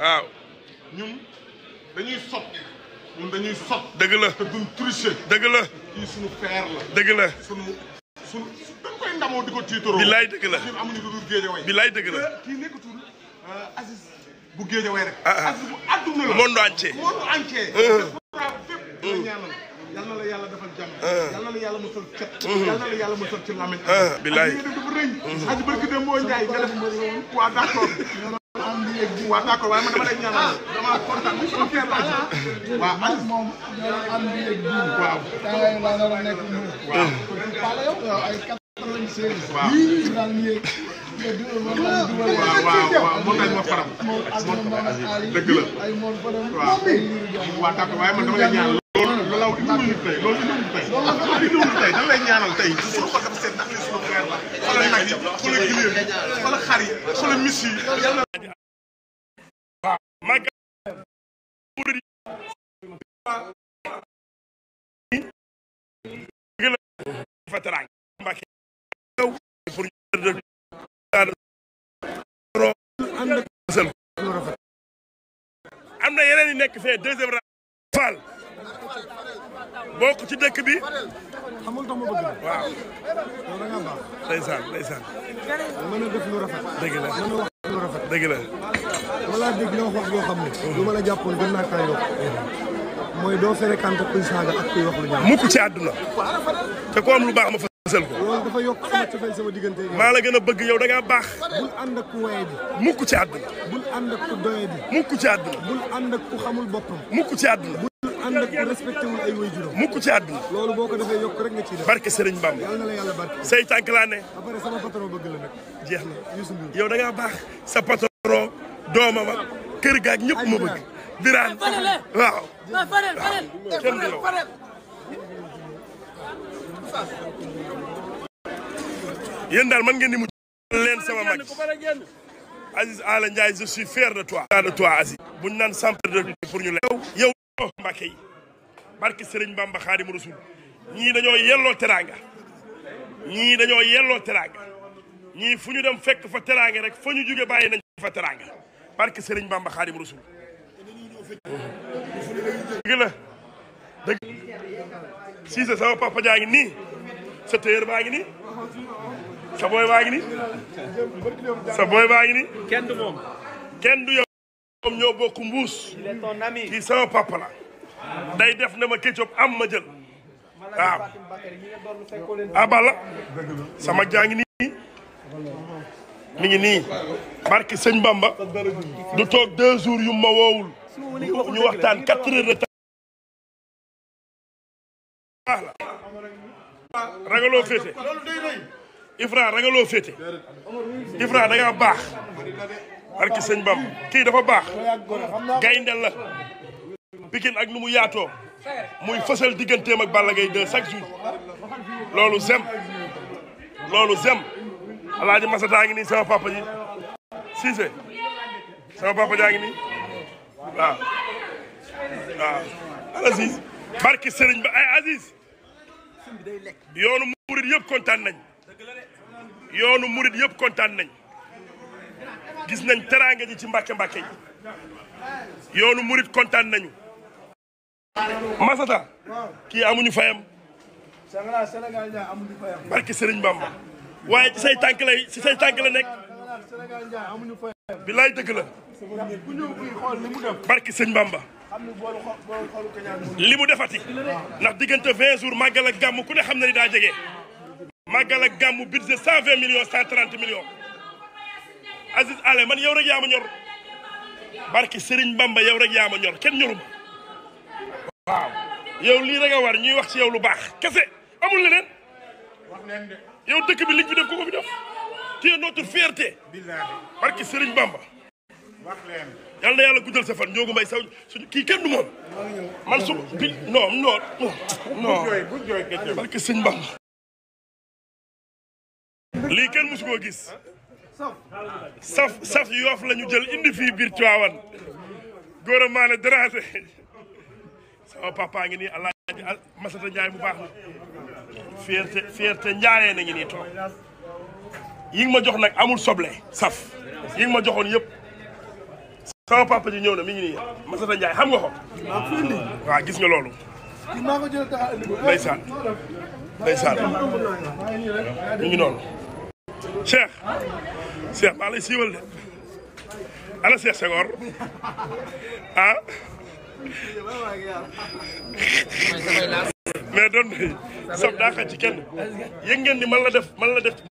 waaw ñun dañuy sot dañuy sot dëgg la te duñ tricher dëgg la kii suñu feer la dëgg la suñu di ko tiitaroo bilaay dëgg la ñun amuñu lu dul Géejawaay bilaay dëgg la kii nekkatul euh, Aziz bu Géejawaay rek ah, ah. Aziz bu àdduna la monde entier monde entier ah. na la yàlla defal jàmm yal na yàlla musal cet yàlla musal ci làmmiñ yeeg ah. jiw waaw d'accord waaye man dama lay ñaanal dama kontaan bi sama fier laa ji waaw ak moom ñoo am bi yeeg jiw waaw tàngaay laa nar a nekk mu waaw pale yow ay quatre-vingt-seize waaw yii daal yéeg waaw waaw waaw mën nañu ma faram. moom ak moom Aliou dëgg la waaw waaw d'accord waaye man dama lay ñaanal. loolu loolu laaw indiwul ñu tey loolu indiwul ñu tey. loolu indiwul ñu tey dama lay ñaanal tey. suñu ko def seen ndax li suñu frère la. xoolal nag yi xoolal gileem yi xoolal xar yi xoolal miss yi. am na yeneen yi nekk fee deuxième rang Fall bokk ci dëkk bi xamul tax ma bëgg waaw yow da ngaa baax ndeysaan ndeysaan mën a def lu rafet dëgg la mën a wax lu rafet dëgg la balaa dégg nga wax wax yoo xam ne. lu ma la jàppoon gën naa kaa yokk. mooy doo mukk ci àdduna. te ko am lu baax ma ko. dafa yokk sama cofeel sama diggante maa la gën a bëgg yow da baax. bul ànd ak ku waye bi. mukk ci àdduna. bul ànd ak ku doye bi. mukk ci àdduna. bul ànd ak ku xamul boppam. mukk ci àdduna. ànd ak respecté wul ay mukk ci àdduna loolu boo ko defee yokk rek nga ciy def barke Sëriñ Bamba yàlla na la yàlla barke tànk laa ne ba baax sa patron doomam ak kër ga ñëpp ma bëgg. biraan waaw. yéen daal man ngeen di mujj leen sama mag Aziz Ala Ndiaye je suis fier de toi. de toi Aziz. buñ naan centre de pour ñu lay. yow Mbacke yi barki Serigne Bamba Xaadimu Rasul ñii dañoo yelloo teraanga ñii dañoo yelloo teraanga ñii fu ñu dem fekk fa teraanga rek fa ñu jóge bàyyi nañ fa teraanga barke Serigne Bamba Xaadim Rasul dëgg la dëgg Cissé sama papa jaa ngi nii sa téer baa ngi nii sa baa ngi nii sa booy ñoo bokk mbuus kii sama day def na ma kécop am ma jël waaw abala sama jaa ngi nii mi ngi nii barki sëñ Bamba du toog deux jours yu ma woowul ñu waxtaan quatre heures de temps la ragaloo féete Ifra ragaloo féete Ifra da ngaa baax barki sëñ Bamba kii dafa baax gaynde la Pikine ak nu mu yaatoo muy fësal diggantee ak bala Gaye 2 chaque jour loolu zem loolu zem alaaji Masata ngi nii sama papa ji Cissé sama papa jaa ngi nii waaw waaw ala ba ay Aziz yoonu murid yëpp kontaan nañ yoonu murid yëpp kontaan nañ gis nañ teraanga ji ci mbàkke mbàkke yi yoonu murid kontaan nañu Masata ki amuñu fayam barki sëriñ Bamba waaye ci say tànk lay ci say tànk la nekk. bilaay dëgg la. barki sëñ Bamba. li mu defati. ndax diggante 20 jours màggal ak gàmm ku ne xam na ni daa jege. màggal ak gàmm budget 120 millions 130 millions. Aziz Ale man yow rek yaa ma ñor. barki sëriñ Bamba yow rek yaa ma ñor kenn ñoruma. waaw lii rek a war ñuy wax ci yow lu baax kese amul leneen. neen yow dëkk bi liñ fi def ko ko fi def tu es notre barki Serigne Bamba. wax leen. yal na guddal sa fan ñoo ngi may saw suñu kii kenn du moom. man su bi non non non. barki Serigne Bamba. lii kenn mosu gis. saf saf yoof la ñu jël indi fii biir Tiwaawan góor a maane daraate sama papa ngi nii allah Masata Ndiaye bu baax la fierté fierté Ndiaye nañu nii ma jox nag amul soble saf yi ma joxoon yëpp sama papa ji ñëw na mi ngi nii Masata Ndiaye xam nga gis nga loolu ndeysaan ndeysaan mi ngi noonu Cheikh Cheikh maa lay siiwal de ana Cheikh Senghor ah mais doon may sob daa xaj ci kenn yëg ngeen ni man la def man la def